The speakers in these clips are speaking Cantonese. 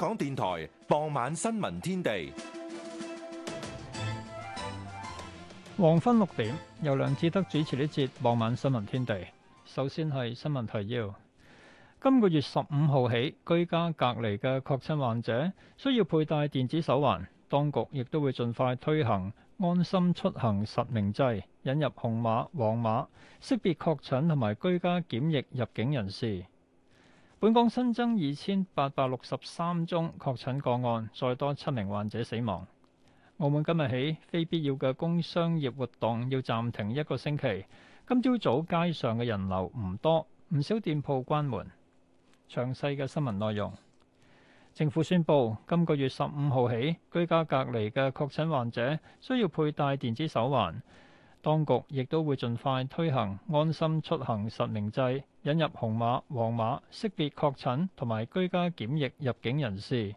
香港電台傍晚新聞天地，黃昏六點由梁志德主持呢節傍晚新聞天地，首先係新聞提要。今個月十五號起，居家隔離嘅確診患者需要佩戴電子手環，當局亦都會盡快推行安心出行實名制，引入紅碼、黃碼識別確診同埋居家檢疫入境人士。本港新增二千八百六十三宗確診個案，再多七名患者死亡。澳門今日起非必要嘅工商業活動要暫停一個星期。今朝早，早街上嘅人流唔多，唔少店鋪關門。詳細嘅新聞內容，政府宣布今個月十五號起，居家隔離嘅確診患者需要佩戴電子手環。當局亦都會盡快推行安心出行實名制，引入紅碼、黃碼識別確診同埋居家檢疫入境人士。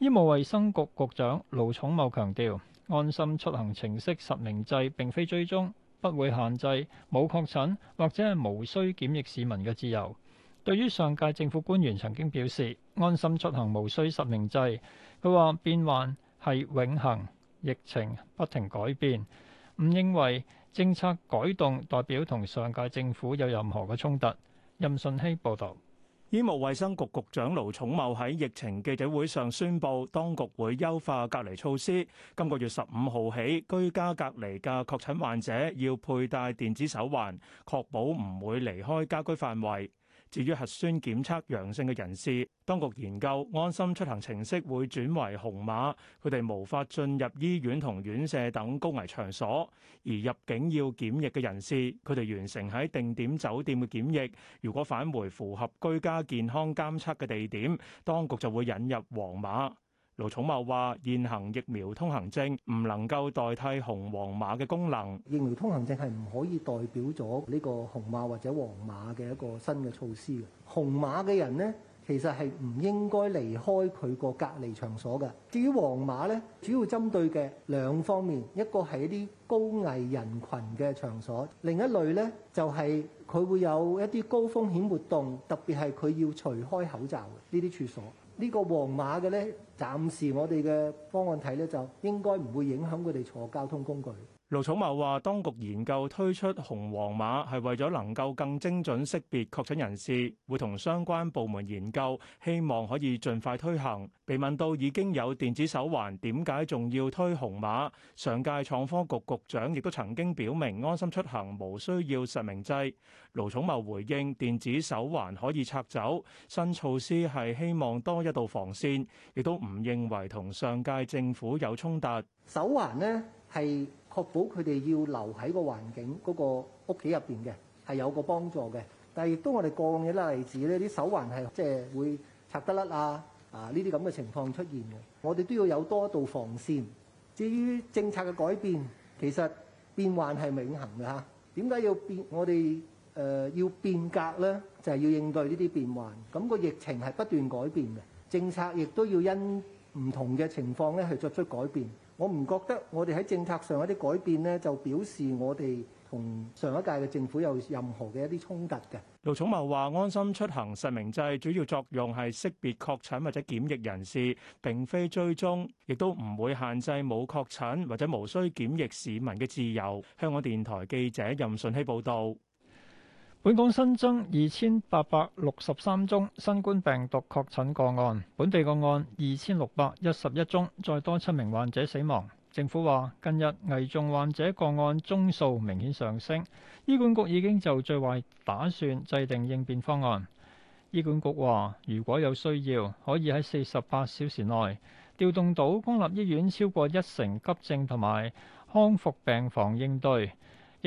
醫務衛生局局長盧寵茂強調，安心出行程式實名制並非追蹤，不會限制冇確診或者係無需檢疫市民嘅自由。對於上屆政府官員曾經表示安心出行無需實名制，佢話變幻係永恆，疫情不停改變。唔認為政策改動代表同上屆政府有任何嘅衝突。任信希報道。醫務衛生局局長盧寵茂喺疫情記者會上宣布，當局會優化隔離措施。今個月十五號起，居家隔離嘅確診患者要佩戴電子手環，確保唔會離開家居範圍。至於核酸檢測陽性嘅人士，當局研究安心出行程式會轉為紅碼，佢哋無法進入醫院同院舍等高危場所；而入境要檢疫嘅人士，佢哋完成喺定點酒店嘅檢疫，如果返回符合居家健康監測嘅地點，當局就會引入黃碼。盧寵茂話：現行疫苗通行證唔能夠代替紅黃碼嘅功能。疫苗通行證係唔可以代表咗呢個紅碼或者黃碼嘅一個新嘅措施嘅。紅碼嘅人呢，其實係唔應該離開佢個隔離場所嘅。至於黃碼咧，主要針對嘅兩方面，一個係一啲高危人群嘅場所，另一類咧就係、是、佢會有一啲高風險活動，特別係佢要除開口罩嘅呢啲處所。呢個黃碼嘅咧，暫時我哋嘅方案睇咧，就應該唔會影響佢哋坐交通工具。盧寵茂話：當局研究推出紅黃碼，係為咗能夠更精準識別確診人士，會同相關部門研究，希望可以盡快推行。被問到已經有電子手環，點解仲要推紅碼？上屆創科局局長亦都曾經表明安心出行無需要實名制。盧寵茂回應：電子手環可以拆走，新措施係希望多一道防線，亦都唔認為同上屆政府有衝突。手環呢係。確保佢哋要留喺個環境嗰個屋企入邊嘅係有個幫助嘅，但係亦都我哋過往嘅例子咧，啲手環係即係會拆得甩啊啊呢啲咁嘅情況出現嘅，我哋都要有多一道防線。至於政策嘅改變，其實變幻係永恆㗎吓。點解要變？我哋誒要變革咧，就係要應對呢啲變幻。咁個疫情係不斷改變嘅，政策亦都要因唔同嘅情況咧去作出改變。我唔覺得我哋喺政策上一啲改變呢，就表示我哋同上一屆嘅政府有任何嘅一啲衝突嘅。盧寵茂話：安心出行實名制主要作用係識別確診或者檢疫人士，並非追蹤，亦都唔會限制冇確診或者無需檢疫市民嘅自由。香港電台記者任順希報導。本港新增二千八百六十三宗新冠病毒確診個案，本地個案二千六百一十一宗，再多七名患者死亡。政府話，近日危重患者個案宗數明顯上升，醫管局已經就最壞打算制定應變方案。醫管局話，如果有需要，可以喺四十八小時內調動到公立醫院超過一成急症同埋康復病房應對。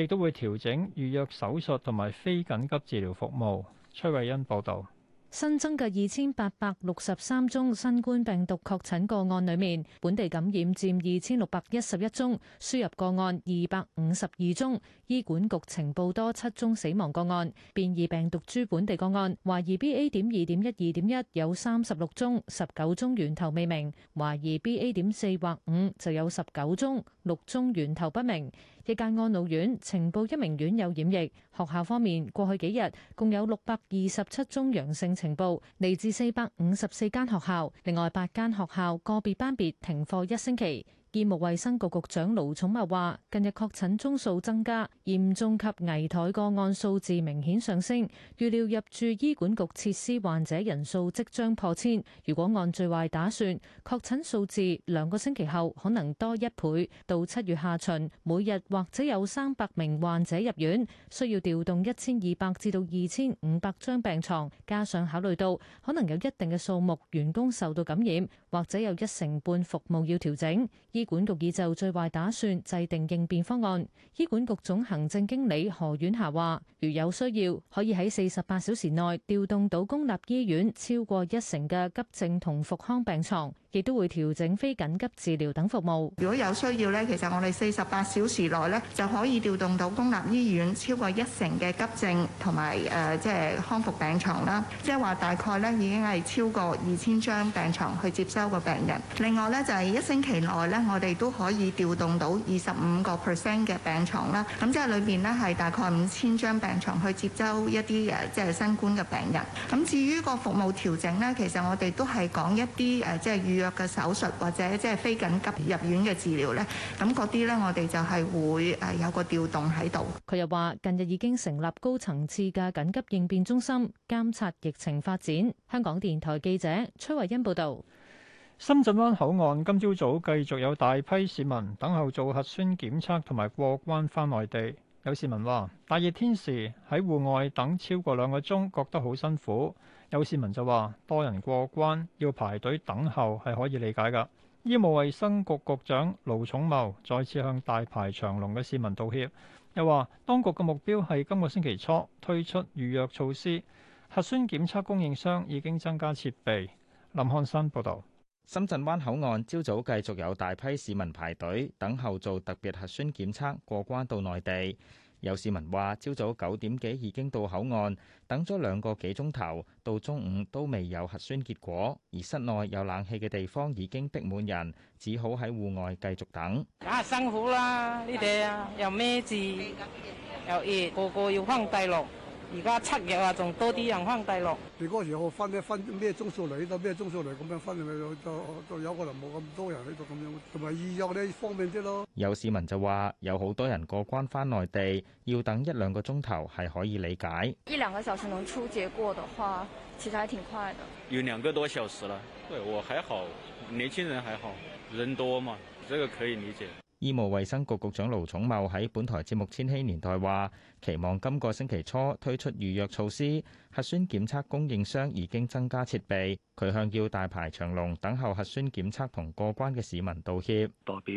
亦都會調整預約手術同埋非緊急治療服務。崔慧欣報道，新增嘅二千八百六十三宗新冠病毒確診個案裏面，本地感染佔二千六百一十一宗，輸入個案二百五十二宗。醫管局呈報多七宗死亡個案，變異病毒株本地個案，懷疑 BA. 點二點一、二點一有三十六宗，十九宗源頭未明；懷疑 BA. 點四或五就有十九宗，六宗源頭不明。一間安老院呈報一名院友染疫，學校方面過去幾日共有六百二十七宗陽性呈報嚟自四百五十四間學校另外八間學校個別班別停課一星期。醫務衛生局局長盧寵茂話，近日確診宗數增加，嚴重及危殆個案數字明顯上升，預料入住醫管局設施患者人數即將破千。如果按最壞打算，確診數字兩個星期後可能多一倍，到七月下旬，每日或者有三百名患者入院，需要調動一千二百至到二千五百張病床，加上考慮到可能有一定嘅數目員工受到感染，或者有一成半服務要調整。醫管局已就最壞打算制定應變方案。醫管局總行政經理何婉霞話，如有需要，可以喺四十八小時內調動到公立醫院超過一成嘅急症同復康病床。亦都會調整非緊急治療等服務。如果有需要咧，其實我哋四十八小時內咧就可以調動到公立醫院超過一成嘅急症同埋誒即係康復病床啦。即係話大概咧已經係超過二千張病床去接收個病人。另外咧就係一星期內咧，我哋都可以調動到二十五個 percent 嘅病床啦。咁即係裏邊咧係大概五千張病床去接收一啲誒即係新冠嘅病人。咁至於個服務調整咧，其實我哋都係講一啲誒即係預。即係約嘅手術或者即係非緊急入院嘅治療呢，咁嗰啲呢，我哋就係會誒有個調動喺度。佢又話：近日已經成立高層次嘅緊急應變中心，監察疫情發展。香港電台記者崔慧欣報道：「深圳灣口岸今朝早繼續有大批市民等候做核酸檢測同埋過關返內地。有市民話：大熱天時喺戶外等超過兩個鐘，覺得好辛苦。有市民就話：多人過關要排隊等候，係可以理解㗎。醫務衛生局局長盧寵茂再次向大排長龍嘅市民道歉，又話：當局嘅目標係今個星期初推出預約措施。核酸檢測供應商已經增加設備。林漢生報導。深圳灣口岸朝早繼續有大批市民排隊等候做特別核酸檢測過關到內地。有市民話，朝早九點幾已經到口岸等咗兩個幾鐘頭，到中午都未有核酸結果，而室內有冷氣嘅地方已經逼滿人，只好喺戶外繼續等。梗係辛苦啦，呢啲啊又咩字又熱，個個要坑地落。而家七日啊，仲多啲人翻大陸。你嗰時我分咧咩宗數嚟呢咩宗數嚟咁樣分，咪就就，就有一個冇咁多人喺度咁樣，同埋二日咧方便啲咯。有市民就話，有好多人過關翻內地，要等一兩個鐘頭係可以理解。一兩個小時能出結果的話，其實還挺快的。有兩個多小時啦，對我還好，年輕人還好，人多嘛，這個可以理解。醫務衛生局局長盧寵茂喺本台節目《千禧年代》話，期望今個星期初推出預約措施，核酸檢測供應商已經增加設備。佢向要大排長龍等候核酸檢測同過關嘅市民道歉，代表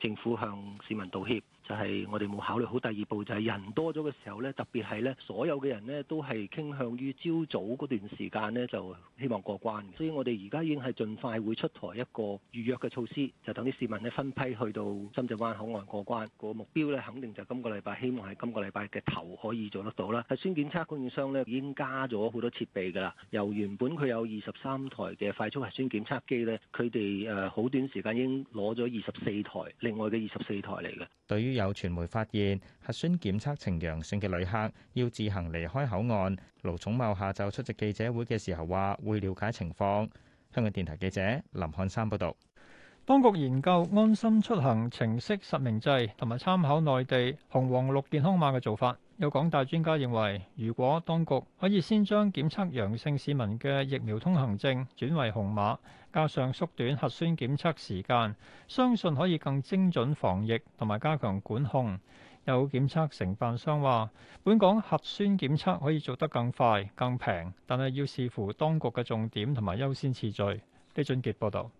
政府向市民道歉。就係我哋冇考慮好第二步，就係人多咗嘅時候咧，特別係咧，所有嘅人咧都係傾向於朝早嗰段時間咧，就希望過關，所以我哋而家已經係盡快會出台一個預約嘅措施，就等啲市民咧分批去到深圳灣口岸過關，個目標咧，肯定就今個禮拜希望係今個禮拜嘅頭可以做得到啦。核酸檢測供應商咧已經加咗好多設備噶啦，由原本佢有二十三。五台嘅快速核酸檢測機呢，佢哋誒好短時間已經攞咗二十四台，另外嘅二十四台嚟嘅。對於有傳媒發現核酸檢測呈陽性嘅旅客要自行離開口岸，盧寵茂下晝出席記者會嘅時候話會了解情況。香港電台記者林漢山報道。當局研究安心出行程式實名制同埋參考內地紅黃綠健康碼嘅做法，有港大專家認為，如果當局可以先將檢測陽性市民嘅疫苗通行證轉為紅碼，加上縮短核酸檢測時間，相信可以更精準防疫同埋加強管控。有檢測承辦商話：本港核酸檢測可以做得更快、更平，但係要視乎當局嘅重點同埋優先次序。李俊傑報導。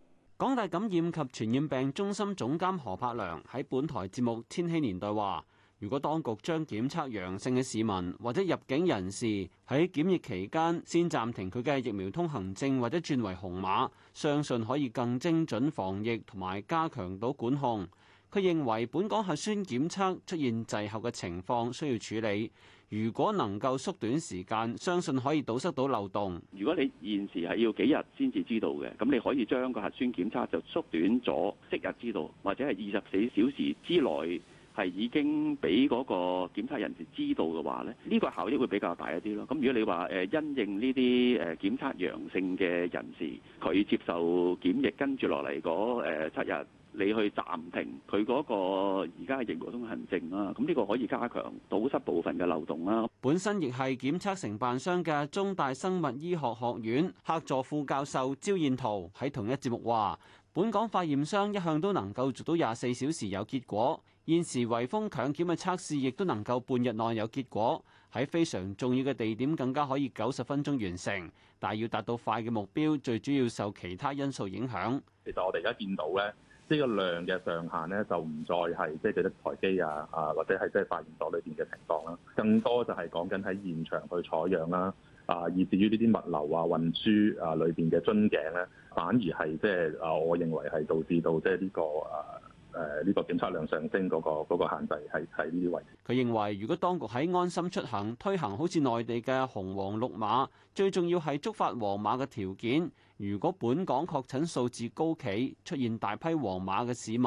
港大感染及傳染病中心總監何柏良喺本台節目《千禧年代》話：如果當局將檢測陽性嘅市民或者入境人士喺檢疫期間先暫停佢嘅疫苗通行證，或者轉為紅碼，相信可以更精準防疫同埋加強到管控。佢認為本港核酸檢測出現滯後嘅情況需要處理。如果能夠縮短時間，相信可以堵塞到漏洞。如果你現時係要幾日先至知道嘅，咁你可以將個核酸檢測就縮短咗，即日知道，或者係二十四小時之內。係已經俾嗰個檢測人士知道嘅話咧，呢個效益會比較大一啲咯。咁如果你話誒因應呢啲誒檢測陽性嘅人士，佢接受檢疫跟住落嚟嗰七日，你去暫停佢嗰個而家嘅疫苗通行證啦。咁呢個可以加強堵塞部分嘅漏洞啦。本身亦係檢測承辦商嘅中大生物醫學學院客座副教授招彥燾喺同一節目話：本港化驗商一向都能夠做到廿四小時有結果。現時圍封強檢嘅測試亦都能夠半日內有結果，喺非常重要嘅地點更加可以九十分鐘完成。但係要達到快嘅目標，最主要受其他因素影響。其實我哋而家見到咧，呢個量嘅上限咧就唔再係即係只得台機啊啊，或者係即係化驗咗裏邊嘅情況啦。更多就係講緊喺現場去採樣啦啊，以至於呢啲物流啊運輸啊裏邊嘅樽頸咧，反而係即係啊，我認為係導致到即係呢個啊。誒呢個檢測量上升嗰個限制係喺呢啲位置。佢認為，如果當局喺安心出行推行好似內地嘅紅黃綠碼，最重要係觸發黃碼嘅條件。如果本港確診數字高企，出現大批黃碼嘅市民，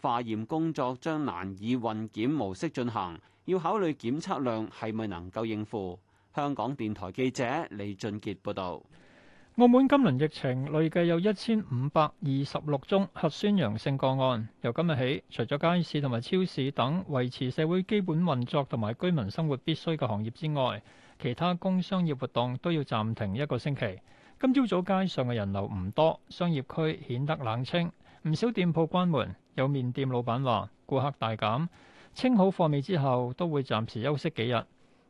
化驗工作將難以混檢模式進行，要考慮檢測量係咪能夠應付。香港電台記者李俊傑報導。澳門今輪疫情累計有一千五百二十六宗核酸陽性個案。由今日起，除咗街市同埋超市等維持社會基本運作同埋居民生活必需嘅行業之外，其他工商業活動都要暫停一個星期。今朝早上街上嘅人流唔多，商業區顯得冷清，唔少店鋪關門。有麵店老闆話，顧客大減，清好貨尾之後都會暫時休息幾日。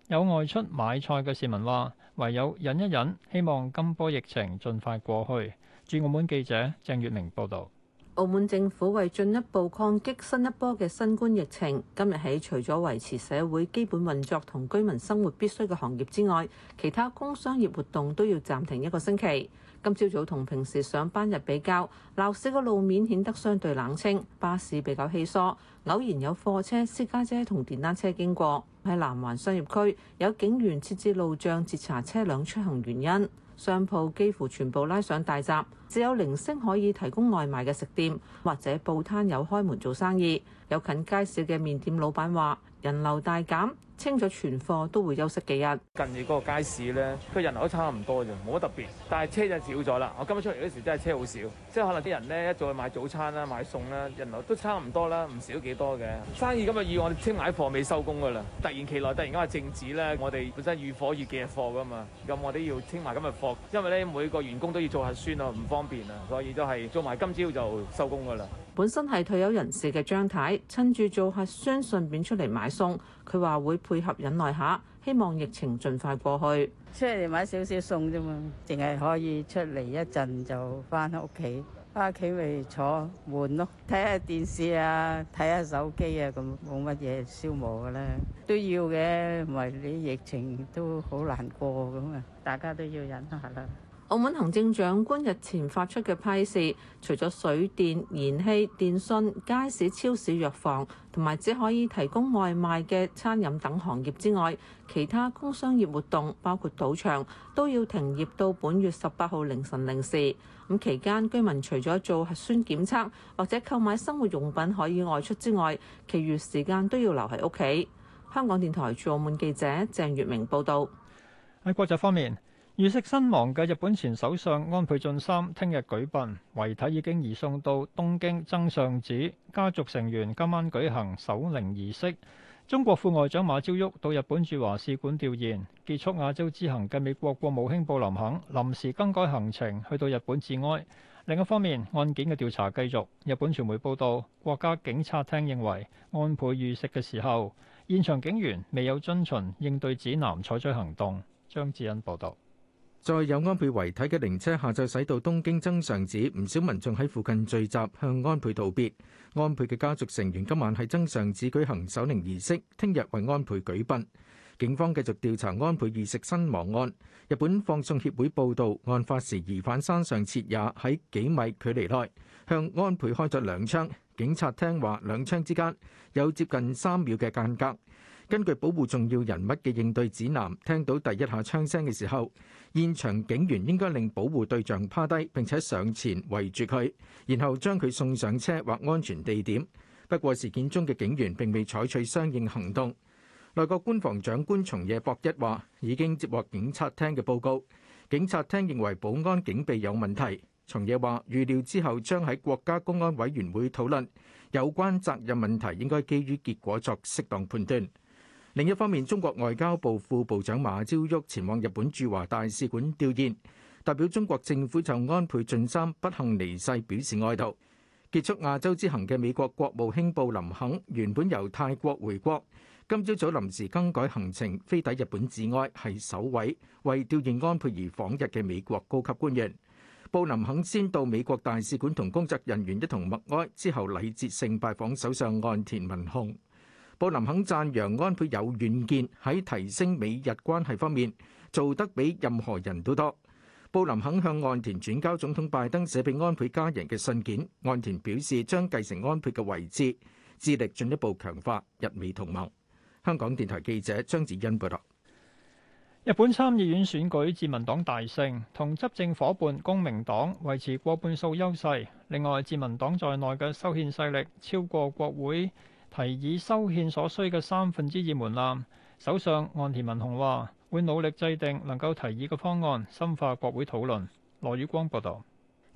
有外出買菜嘅市民話，唯有忍一忍，希望今波疫情盡快過去。駐澳門記者鄭月明報道。澳門政府為進一步抗擊新一波嘅新冠疫情，今日起除咗維持社會基本運作同居民生活必需嘅行業之外，其他工商業活動都要暫停一個星期。今朝早同平時上班日比較，鬧市個路面顯得相對冷清，巴士比較稀疏，偶然有貨車、私家車同電單車經過。喺南環商業區，有警員設置路障截，截查車輛出行原因。商鋪幾乎全部拉上大閘，只有零星可以提供外賣嘅食店或者報攤有開門做生意。有近街市嘅麵店老闆話：人流大減。清咗存貨都會休息幾日。近住嗰個街市咧，佢人流都差唔多啫，冇乜特別。但係車就少咗啦。我今日出嚟嗰時真係車好少，即係可能啲人咧一早去買早餐啦、買餸啦，人流都差唔多啦，唔少幾多嘅生意今。今日以我哋清埋啲貨未收工噶啦。突然其來突然間話靜止咧，我哋本身預貨預幾日貨噶嘛，咁我哋要清埋今日貨，因為咧每個員工都要做核酸啊，唔方便啊，所以都係做埋今朝就收工噶啦。本身係退休人士嘅張太，趁住做客商，順便出嚟買餸。佢話會配合忍耐下，希望疫情盡快過去。出嚟買少少餸啫嘛，淨係可以出嚟一陣就返屋企，返屋企咪坐悶咯，睇下電視啊，睇下手機啊，咁冇乜嘢消磨噶啦。都要嘅，唔係你疫情都好難過咁啊，大家都要忍下啦。澳門行政長官日前發出嘅批示，除咗水電、燃氣、電信、街市、超市、藥房同埋只可以提供外賣嘅餐飲等行業之外，其他工商業活動包括賭場都要停業到本月十八號凌晨零時。咁期間，居民除咗做核酸檢測或者購買生活用品可以外出之外，其餘時間都要留喺屋企。香港電台駐澳門記者鄭月明報導。喺國際方面，遇刺身亡嘅日本前首相安倍晉三聽日舉殯，遺體已經移送到東京增上寺，家族成員今晚舉行守靈儀式。中國副外長馬朝旭到日本駐華使館弔唁，結束亞洲之行嘅美國國務卿布林肯臨時更改行程去到日本致哀，另一方面，案件嘅調查繼續。日本傳媒報道，國家警察廳認為安倍遇刺嘅時候，現場警員未有遵循應對指南採取行動。張志恩報道。再有安倍遺體嘅靈車下晝駛到東京增上寺，唔少民眾喺附近聚集向安倍道別。安倍嘅家族成員今晚喺增上寺舉行守靈儀式，聽日為安倍舉殯。警方繼續調查安倍遇襲身亡案。日本放送協會報道，案發時疑犯山上徹也喺幾米距離內向安倍開咗兩槍，警察廳話兩槍之間有接近三秒嘅間隔。根據保護重要人物嘅應對指南，聽到第一下槍聲嘅時候，現場警員應該令保護對象趴低並且上前圍住佢，然後將佢送上車或安全地點。不過事件中嘅警員並未採取相應行動。內閣官房長官松野博一話已經接獲警察廳嘅報告，警察廳認為保安警備有問題。松野話預料之後將喺國家公安委員會討論有關責任問題，應該基於結果作適當判斷。另一方面，中國外交部副部長馬朝旭前往日本駐華大使館吊唁，代表中國政府就安倍晉三不幸離世表示哀悼。結束亞洲之行嘅美國國務卿布林肯原本由泰國回國，今朝早臨時更改行程飛抵日本致哀，係首位為吊唁安倍而訪日嘅美國高級官員。布林肯先到美國大使館同工作人員一同默哀，之後禮節性拜訪首相岸田文雄。布林肯讚揚安倍有遠見，喺提升美日關係方面做得比任何人都多。布林肯向岸田轉交總統拜登寫俾安倍家人嘅信件，岸田表示將繼承安倍嘅位置，致力進一步強化日美同盟。香港電台記者張子欣報道。日本參議院選舉自民黨大勝，同執政夥伴公明黨維持過半數優勢。另外，自民黨在內嘅修憲勢力超過國會提議修憲所需嘅三分之二門檻，首相岸田文雄話會努力制定能夠提議嘅方案，深化國會討論。羅宇光報道。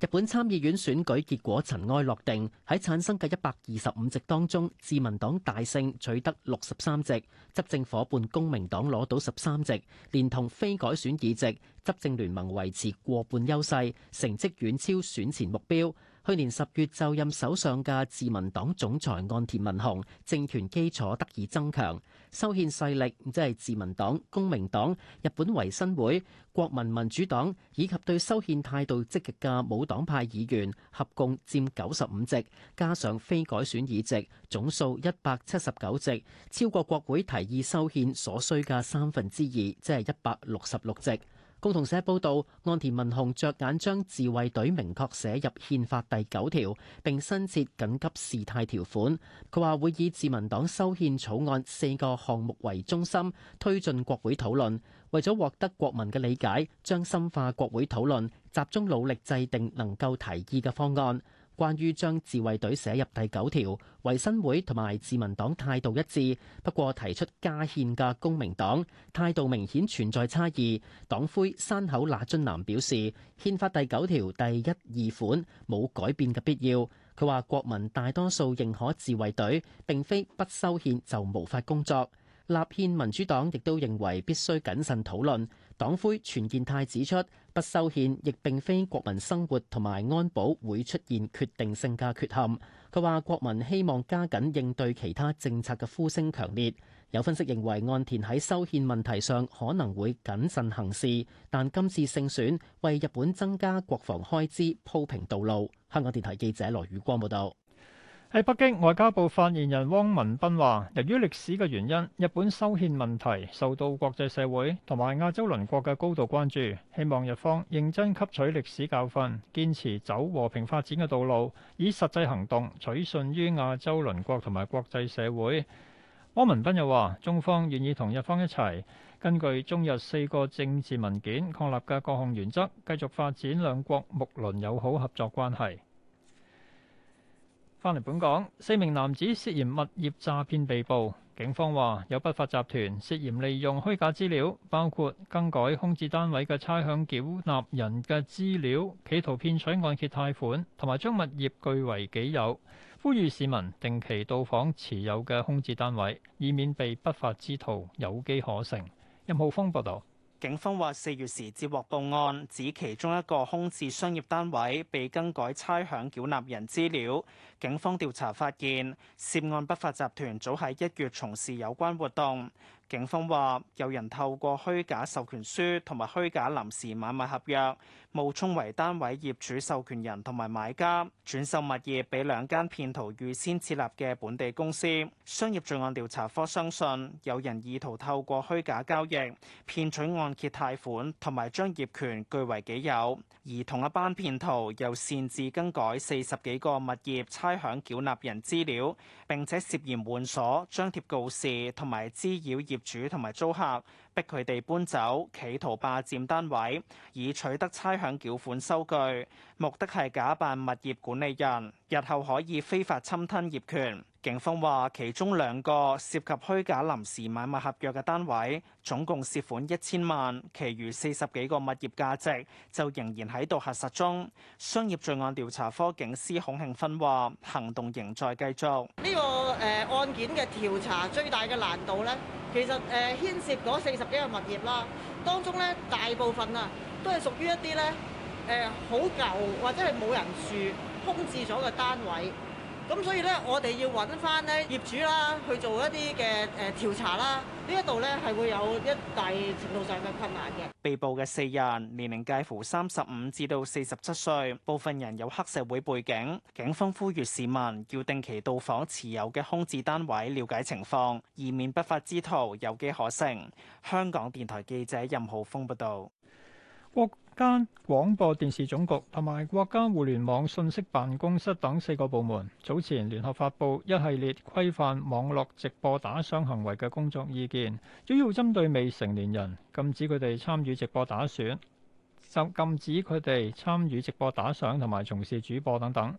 日本參議院選舉結果塵埃落定，喺產生嘅一百二十五席當中，自民黨大勝，取得六十三席，執政夥伴公明黨攞到十三席，連同非改選議席，執政聯盟維持過半優勢，成績遠超選前目標。去年十月就任首相嘅自民黨總裁岸田文雄，政權基礎得以增強，修憲勢力即係自民黨、公明黨、日本維新會、國民民主黨以及對修憲態度積極嘅無黨派議員，合共佔九十五席，加上非改選議席，總數一百七十九席，超過國會提議修憲所需嘅三分之二，即係一百六十六席。共同社報道，岸田文雄着眼將自衛隊明確寫入憲法第九條，並新設緊急事態條款。佢話會以自民黨修憲草案四個項目為中心，推進國會討論。為咗獲得國民嘅理解，將深化國會討論，集中努力制定能夠提議嘅方案。關於將自衛隊寫入第九條，維新會同埋自民黨態度一致，不過提出加憲嘅公明黨態度明顯存在差異。黨魁山口那津男表示，憲法第九條第一二款冇改變嘅必要。佢話國民大多數認可自衛隊，並非不修憲就無法工作。立憲民主黨亦都認為必須謹慎討論。黨魁全健太指出。不修憲亦並非國民生活同埋安保會出現決定性嘅缺陷。佢話國民希望加緊應對其他政策嘅呼聲強烈。有分析認為岸田喺修憲問題上可能會謹慎行事，但今次勝選為日本增加國防開支鋪平道路。香港電台記者羅宇光報道。喺北京，外交部發言人汪文斌話，由於歷史嘅原因，日本修憲問題受到國際社會同埋亞洲鄰國嘅高度關注，希望日方認真吸取歷史教訓，堅持走和平發展嘅道路，以實際行動取信於亞洲鄰國同埋國際社會。汪文斌又話，中方願意同日方一齊，根據中日四個政治文件確立嘅各項原則，繼續發展兩國睦鄰友好合作關係。翻嚟本港，四名男子涉嫌物業詐騙被捕。警方話有不法集團涉嫌利用虛假資料，包括更改空置單位嘅差餉繳納人嘅資料，企圖騙取按揭貸款，同埋將物業據為己有。呼籲市民定期到訪持有嘅空置單位，以免被不法之徒有機可乘。任浩峰報道。警方話四月時接獲報案，指其中一個空置商業單位被更改差餉繳納人資料。警方調查發現，涉案不法集團早喺一月從事有關活動。警方話，有人透過虛假授權書同埋虛假臨時買賣合約，冒充為單位業主授權人同埋買家，轉售物業畀兩間騙徒預先設立嘅本地公司。商業罪案調查科相信，有人意圖透過虛假交易，騙取按揭貸款同埋將業權據為己有，而同一班騙徒又擅自更改四十幾個物業差餉繳納人資料，並且涉嫌換鎖、張貼告示同埋滋擾業主同埋租客，逼佢哋搬走，企圖霸佔單位，以取得差餉繳款收據，目的係假扮物業管理人，日後可以非法侵吞業權。警方話，其中兩個涉及虛假臨時買賣合約嘅單位，總共涉款一千萬，其餘四十幾個物業價值就仍然喺度核實中。商業罪案調查科警司孔慶芬話，行動仍在繼續。呢個誒案件嘅調查最大嘅難度咧，其實誒牽涉咗四十幾個物業啦，當中咧大部分啊，都係屬於一啲咧誒好舊或者係冇人住空置咗嘅單位。咁所以咧，我哋要揾翻呢業主啦，去做一啲嘅誒調查啦。呢一度咧係會有一大程度上嘅困難嘅。被捕嘅四人年齡介乎三十五至到四十七歲，部分人有黑社會背景。警方呼籲市民要定期到訪持有嘅空置單位，了解情況，以免不法之徒有機可乘。香港電台記者任浩峰報道。間廣播電視總局同埋國家互聯網信息辦公室等四個部門早前聯合發布一系列規範網絡直播打賞行為嘅工作意見，主要針對未成年人，禁止佢哋參與直播打賞，就禁止佢哋參與直播打賞同埋從事主播等等。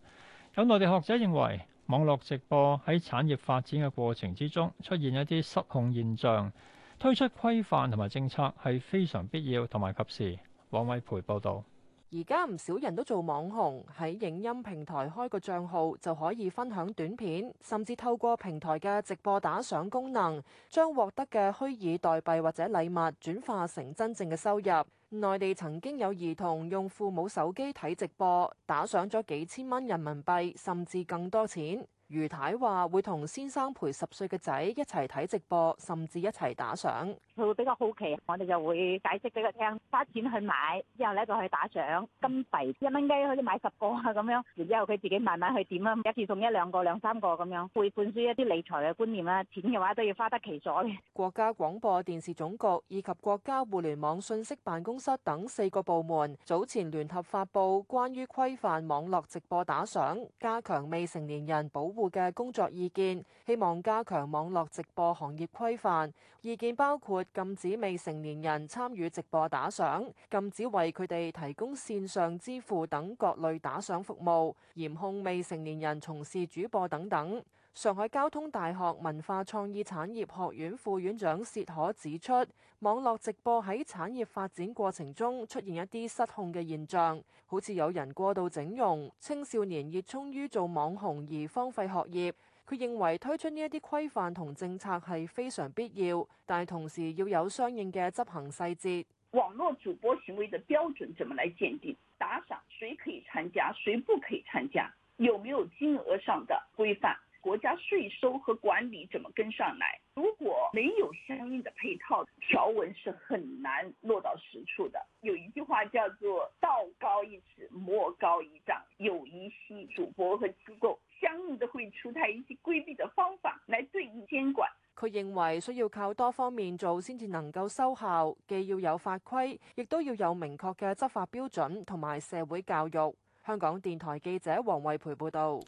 有內地學者認為，網絡直播喺產業發展嘅過程之中出現一啲失控現象，推出規範同埋政策係非常必要同埋及時。王偉培報道：而家唔少人都做網紅，喺影音平台開個賬號就可以分享短片，甚至透過平台嘅直播打賞功能，將獲得嘅虛擬代幣或者禮物轉化成真正嘅收入。內地曾經有兒童用父母手機睇直播，打賞咗幾千蚊人民幣，甚至更多錢。余太話會同先生陪十歲嘅仔一齊睇直播，甚至一齊打賞。佢會比較好奇，我哋就會解釋俾佢聽，花錢去買，之後咧就去打賞金幣，一蚊雞可以買十個啊咁樣。然之後佢自己慢慢去點啊，一次送一兩個、兩三個咁樣，會灌輸一啲理財嘅觀念啦。錢嘅話都要花得其所嘅。國家廣播電視總局以及國家互聯網信息辦公室等四個部門早前聯合發布關於規範網絡直播打賞、加強未成年人保護嘅工作意見，希望加強網絡直播行業規範，意見包括禁止未成年人參與直播打賞，禁止為佢哋提供線上支付等各類打賞服務，嚴控未成年人從事主播等等。上海交通大學文化創意產業學院副院長薛可指出，網絡直播喺產業發展過程中出現一啲失控嘅現象，好似有人過度整容，青少年熱衷於做網紅而荒廢學業。佢認為推出呢一啲規範同政策係非常必要，但同時要有相應嘅執行細節。網絡主播行為嘅標準怎麼嚟鑒定？打賞誰可以參加，誰不可以參加？有沒有金額上的規範？國家稅收和管理怎麼跟上來？如果沒有相應的配套條文，是很難落到實處的。有一句話叫做“道高一尺，魔高一丈”，有一些主播和機構相應的會出台一些規避的方法來對應監管。佢認為需要靠多方面做先至能夠收效，既要有法規，亦都要有明確嘅執法標準同埋社會教育。香港電台記者黃慧培報道。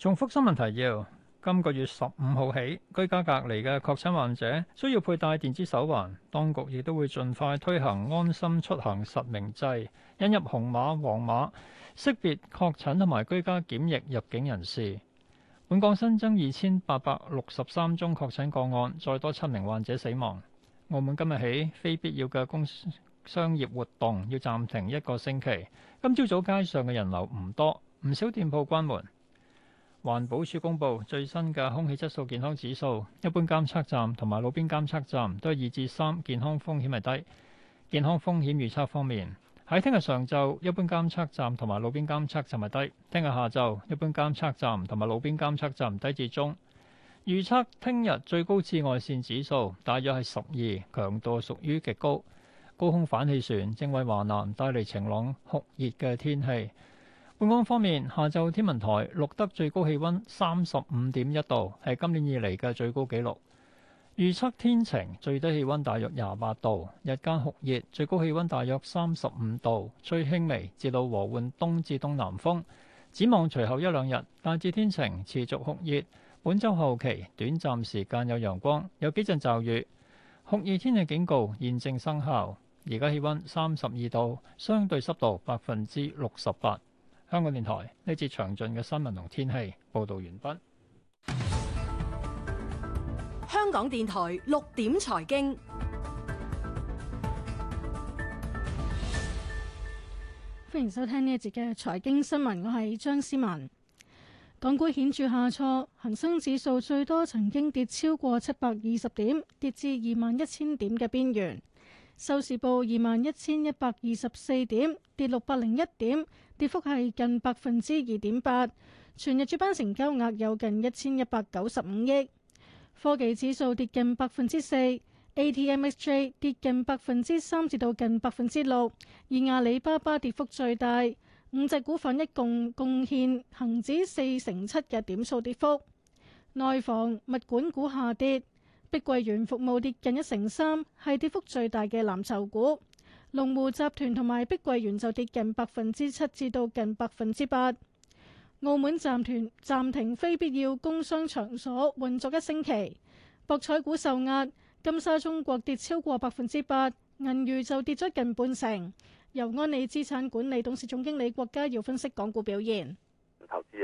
重複新聞提要：今個月十五號起，居家隔離嘅確診患者需要佩戴電子手環。當局亦都會盡快推行安心出行實名制，引入紅碼、黃碼，識別確診同埋居家檢疫入境人士。本港新增二千八百六十三宗確診個案，再多七名患者死亡。澳門今日起，非必要嘅工商業活動要暫停一個星期。今朝早上街上嘅人流唔多，唔少店鋪關門。環保署公布最新嘅空氣質素健康指數，一般監測站同埋路邊監測站都係二至三，健康風險係低。健康風險預測方面，喺聽日上晝，一般監測站同埋路邊監測站係低；聽日下晝，一般監測站同埋路邊監測站低至中。預測聽日最高紫外線指數大約係十二，強度屬於極高。高空反氣旋正為華南帶嚟晴朗酷熱嘅天氣。本港方面，下晝天文台錄得最高氣溫三十五點一度，係今年以嚟嘅最高紀錄。預測天晴，最低氣溫大約廿八度，日間酷熱，最高氣溫大約三十五度，吹輕微至到和緩東至東南風。展望隨後一兩日，大致天晴，持續酷熱。本周後期短暫時間有陽光，有幾陣驟雨。酷熱天氣警告現正生效。而家氣溫三十二度，相對濕度百分之六十八。香港電台呢節詳盡嘅新聞同天氣報道完畢。香港電台六點財經，歡迎收聽呢一節嘅財經新聞。我係張思文。港股顯著下挫，恒生指數最多曾經跌超過七百二十點，跌至二萬一千點嘅邊緣。收市報二萬一千一百二十四點，跌六百零一點，跌幅係近百分之二點八。全日主板成交額有近一千一百九十五億。科技指數跌近百分之四，ATMXJ 跌近百分之三至到近百分之六，而阿里巴巴跌幅最大，五隻股份一共貢獻恒指四成七嘅點數跌幅。內房物管股下跌。碧桂園服務跌近一成三，係跌幅最大嘅藍籌股。龍湖集團同埋碧桂園就跌近百分之七至到近百分之八。澳門站暫停非必要工商場所運作一星期。博彩股受壓，金沙中國跌超過百分之八，銀娛就跌咗近半成。由安利資產管理董事總經理郭家耀分析港股表現。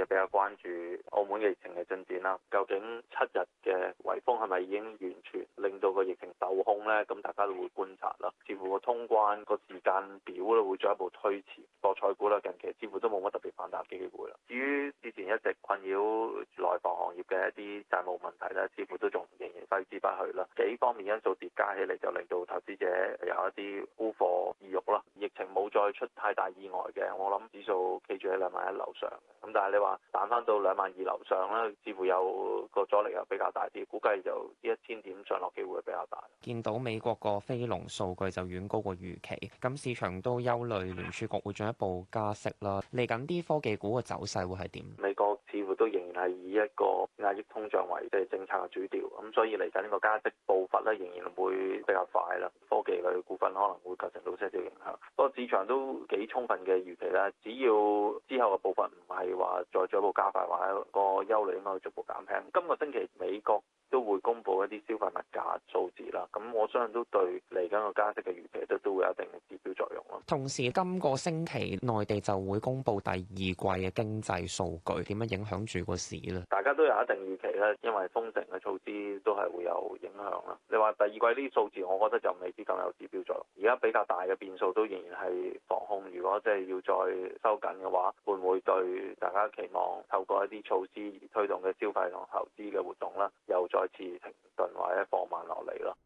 比較關注澳門疫情嘅進展啦，究竟七日嘅圍封係咪已經完全令到個疫情受控呢？咁大家都會觀察啦。似乎個通關個時間表咧會進一步推遲，博彩股啦近期似乎都冇乜特別反彈機會啦。至於之前一直困擾內房行業嘅一啲債務問題咧，似乎都仲仍然揮之不去啦。幾方面因素疊加起嚟，就令到投資者有一啲沽貨意欲咯。疫情冇再出太大意外嘅，我諗指數企住喺兩萬一樓上。咁但係你話，彈翻到兩萬二樓上咧，似乎有個阻力又比較大啲，估計就一千點上落機會比較大。見到美國個非農數據就遠高過預期，咁市場都憂慮聯儲局會進一步加息啦。嚟緊啲科技股嘅走勢會係點？美國似乎都仍然係以一個。壓抑通脹為即係政策嘅主調，咁所以嚟緊個加息步伐咧仍然會比較快啦。科技類股份可能會造成到少少影響。個市場都幾充分嘅預期啦，只要之後嘅步伐唔係話再進一步加快，或者個憂慮應該會逐步減輕。今個星期美國都會公布一啲消費物價數字啦，咁我相信都對嚟緊個加息嘅預期都都會有一定嘅指標作用咯。同時今個星期內地就會公布第二季嘅經濟數據，點樣影響住個市咧？大家都有一定。預期咧，因為封城嘅措施都係會有影響啦。你話第二季呢啲數字，我覺得就未必咁有指標作用。而家比較大嘅變數都仍然係防控。如果即係要再收緊嘅話，會唔會對大家期望透過一啲措施而推動嘅消費同投資嘅活動啦，又再次停頓或者放慢落嚟咯？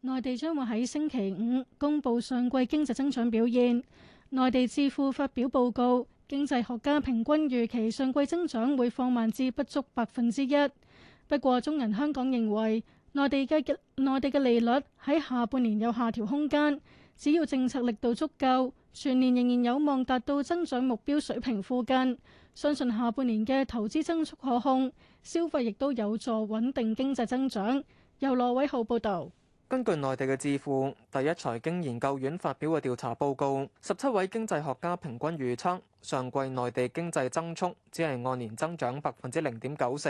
內地將會喺星期五公布上季經濟增長表現，內地智庫發表報告。經濟學家平均預期上季增長會放慢至不足百分之一。不過，中銀香港認為內地嘅內地嘅利率喺下半年有下調空間，只要政策力度足夠，全年仍然有望達到增長目標水平附近。相信下半年嘅投資增速可控，消費亦都有助穩定經濟增長。由羅偉浩報導。根據內地嘅智庫第一財經研究院發表嘅調查報告，十七位經濟學家平均預測上季內地經濟增速只係按年增長百分之零點九四，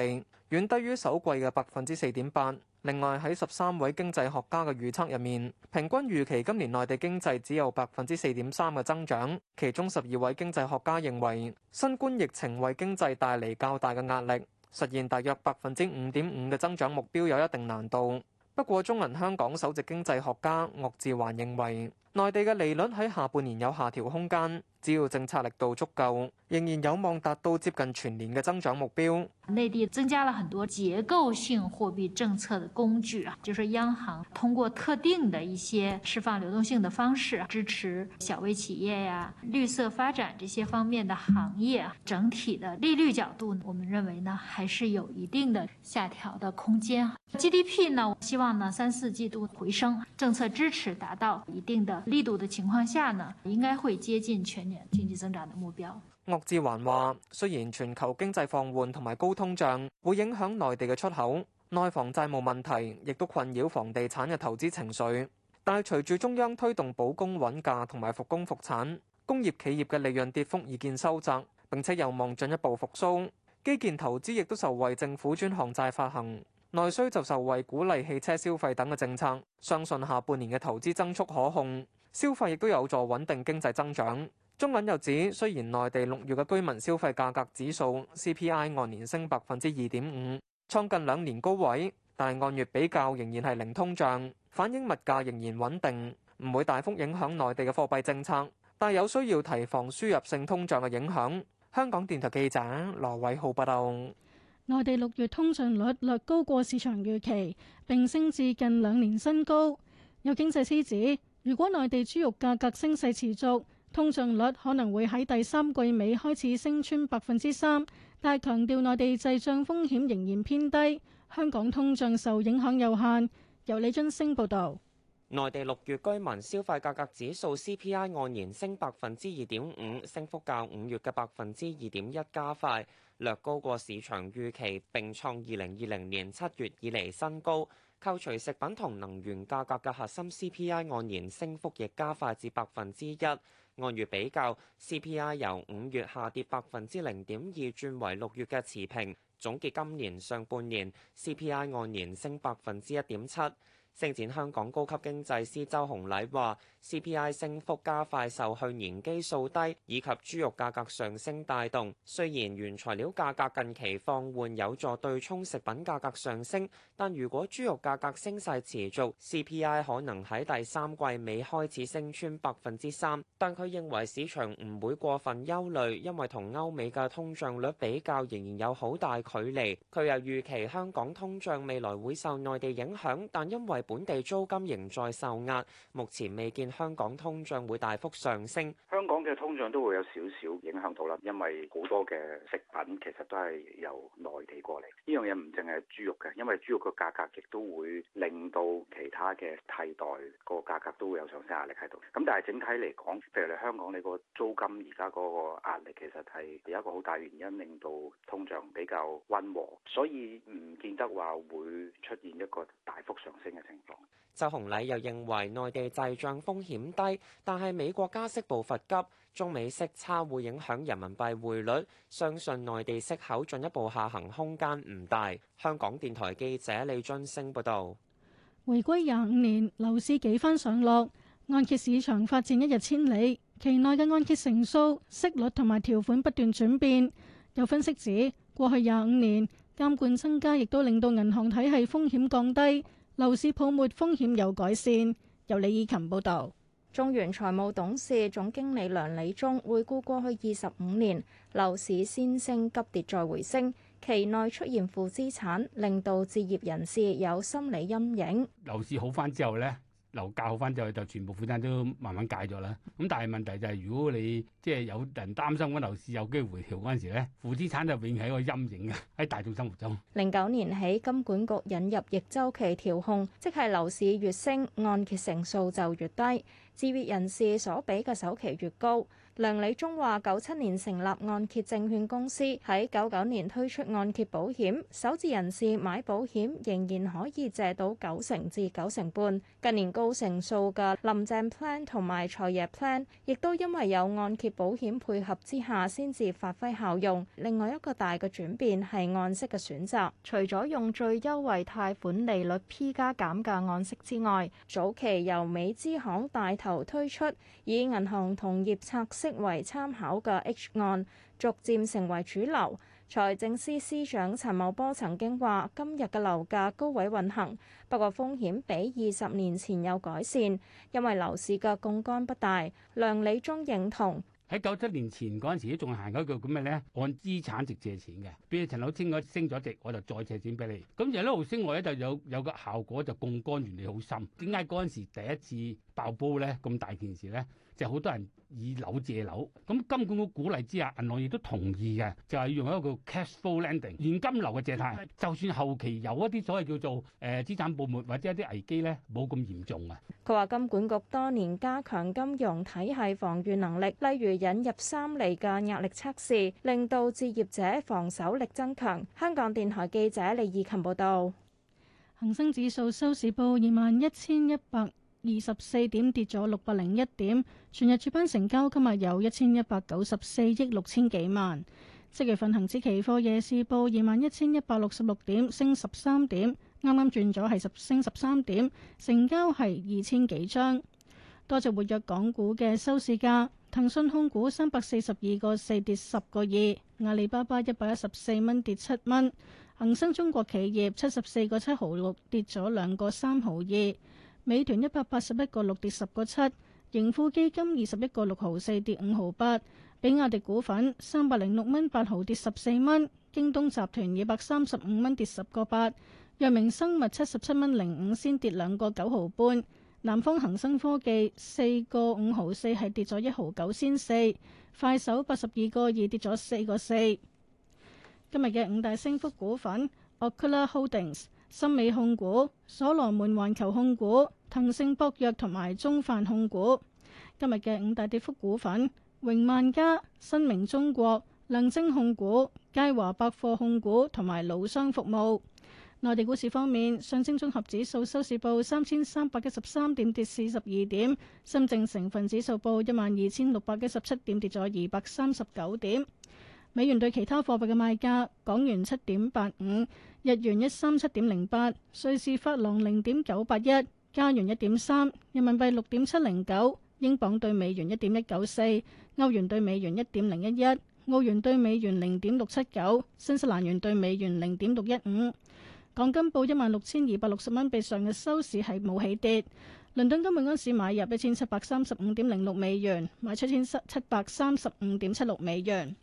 遠低於首季嘅百分之四點八。另外喺十三位經濟學家嘅預測入面，平均預期今年內地經濟只有百分之四點三嘅增長。其中十二位經濟學家認為，新冠疫情為經濟帶嚟較大嘅壓力，實現大約百分之五點五嘅增長目標有一定難度。不過，中銀香港首席經濟學家岳志環認為，內地嘅利率喺下半年有下調空間，只要政策力度足夠。仍然有望達到接近全年的增長目標。內地增加了很多結構性貨幣政策的工具，就是央行通過特定的一些釋放流動性的方式，支持小微企業、啊、呀、綠色發展這些方面的行業。整體的利率角度，我們認為呢，還是有一定的下調的空間。GDP 呢，我希望呢三四季度回升，政策支持達到一定的力度的情況下呢，應該會接近全年經濟增長的目標。岳志環話：雖然全球經濟放緩同埋高通脹會影響內地嘅出口，內房債務問題亦都困擾房地產嘅投資情緒，但係隨住中央推動保供穩價同埋復工復產，工業企業嘅利潤跌幅已見收窄，並且有望進一步復甦。基建投資亦都受惠政府專項債發行，內需就受惠鼓勵汽車消費等嘅政策。相信下半年嘅投資增速可控，消費亦都有助穩定經濟增長。中銀又指，雖然內地六月嘅居民消費價格指數 CPI 按年升百分之二點五，創近兩年高位，但按月比較仍然係零通脹，反映物價仍然穩定，唔會大幅影響內地嘅貨幣政策。但有需要提防輸入性通脹嘅影響。香港電台記者羅偉浩報道，內地六月通脹率略高過市場預期，並升至近兩年新高。有經濟師指，如果內地豬肉價格升勢持續，通脹率可能會喺第三季尾開始升穿百分之三，但係強調內地滯脹風險仍然偏低，香港通脹受影響有限。由李津升報導，內地六月居民消費價格指數 CPI 按年升百分之二點五，升幅較五月嘅百分之二點一加快。略高過市場預期，並創二零二零年七月以嚟新高。扣除食品同能源價格嘅核心 CPI 按年升幅亦加快至百分之一。按月比較，CPI 由五月下跌百分之零點二轉為六月嘅持平。總結今年上半年 CPI 按年升百分之一點七。星展香港高級經濟師周洪禮話。CPI 升幅加快，受去年基數低以及豬肉價格上升帶動。雖然原材料價格近期放緩有助對沖食品價格上升，但如果豬肉價格升勢持續，CPI 可能喺第三季尾開始升穿百分之三。但佢認為市場唔會過分憂慮，因為同歐美嘅通脹率比較仍然有好大距離。佢又預期香港通脹未來會受內地影響，但因為本地租金仍在受壓，目前未見。香港通脹會大幅上升，香港嘅通脹都會有少少影響到啦，因為好多嘅食品其實都係由內地過嚟，呢樣嘢唔淨係豬肉嘅，因為豬肉嘅價格亦都會令到其他嘅替代個價格都會有上升壓力喺度。咁但係整體嚟講，譬如嚟香港你個租金而家嗰個壓力其實係有一個好大原因令到通脹比較溫和，所以唔見得話會出現一個大幅上升嘅情況。周洪禮又認為內地滯脹風。險低，但係美國加息步伐急，中美息差會影響人民幣匯率，相信內地息口進一步下行空間唔大。香港電台記者李津升報道：回歸廿五年，樓市幾番上落，按揭市場發展一日千里，期內嘅按揭成數、息率同埋條款不斷轉變。有分析指，過去廿五年監管增加，亦都令到銀行體系風險降低，樓市泡沫風險有改善。由李以琴報道，中原財務董事總經理梁理忠回顧過去二十五年樓市先升急跌，再回升，期內出現負資產，令到置業人士有心理陰影。樓市好翻之後咧？樓價好翻之後全部負擔都慢慢解咗啦。咁但係問題就係如果你即係有人擔心嗰樓市有機會回調嗰陣時咧，負資產就永遠係一個陰影嘅喺大眾生活中。零九年起，金管局引入逆周期調控，即係樓市越升，按揭成數就越低，置業人士所俾嘅首期越高。梁理忠話：九七年成立按揭證券公司，喺九九年推出按揭保險，首置人士買保險仍然可以借到九成至九成半。近年高成數嘅林鄭 plan 同埋財爺 plan，亦都因為有按揭保險配合之下先至發揮效用。另外一個大嘅轉變係按息嘅選擇，除咗用最優惠貸款利率 P 加減價按息之外，早期由美資行帶頭推出以銀行同業拆息。作為參考嘅 H 案，逐漸成為主流。財政司司長陳茂波曾經話：今日嘅樓價高位運行，不過風險比二十年前有改善，因為樓市嘅槓桿不大。梁理忠認同：喺九七年前嗰陣時，仲行緊一句叫嘅咧？按資產值借錢嘅，比如陳老清咗升咗值，我就再借錢俾你。咁一路升外咧，就有有個效果就槓桿原理好深。點解嗰陣時第一次爆煲咧？咁大件事咧？就好多人以樓借樓咁，金管局鼓勵之下，銀行亦都同意嘅，就係、是、用一個叫 cash flow lending 現金流嘅借貸，的就算後期有一啲所謂叫做誒資產泡沫或者一啲危機呢，冇咁嚴重啊。佢話金管局多年加強金融體系防禦能力，例如引入三厘嘅壓力測試，令到置業者防守力增強。香港電台記者李怡琴報道，恒生指數收市報二萬一千一百，二十四點跌咗六百零一點，全日主板成交今日有一千一百九十四億六千幾萬。即月份恒指期貨夜市報二萬一千一百六十六點，升十三點，啱啱轉咗係十升十三點，成交係二千幾張。多隻活躍港股嘅收市價，騰訊控股三百四十二個四跌十個二，阿里巴巴一百一十四蚊跌七蚊，恒生中國企業七十四個七毫六跌咗兩個三毫二。美團一百八十一個六跌十個七，盈富基金二十一個六毫四跌五毫八，比亞迪股份三百零六蚊八毫跌十四蚊，京東集團二百三十五蚊跌十個八，藥明生物七十七蚊零五先跌兩個九毫半，南方恒生科技四個五毫四係跌咗一毫九先四，快手八十二個二跌咗四個四，今日嘅五大升幅股份 Ocula Holdings、新美控股、所羅門環球控股、騰盛博藥同埋中梵控股，今日嘅五大跌幅股份：榮萬家、新明中國、能星控股、佳華百貨控股同埋魯商服務。內地股市方面，上證綜合指數收市報三千三百一十三點，跌四十二點；深證成分指數報一萬二千六百一十七點，跌咗二百三十九點。美元對其他貨幣嘅賣價：港元七點八五，日元一三七點零八，瑞士法郎零點九八一，加元一點三，人民幣六點七零九，英鎊對美元一點一九四，歐元對美元一點零一一，澳元對美元零點六七九，新西蘭元對美元零點六一五。港金報一萬六千二百六十蚊，比上日收市係冇起跌。倫敦金每安市買入一千七百三十五點零六美元，賣出一七百三十五點七六美元。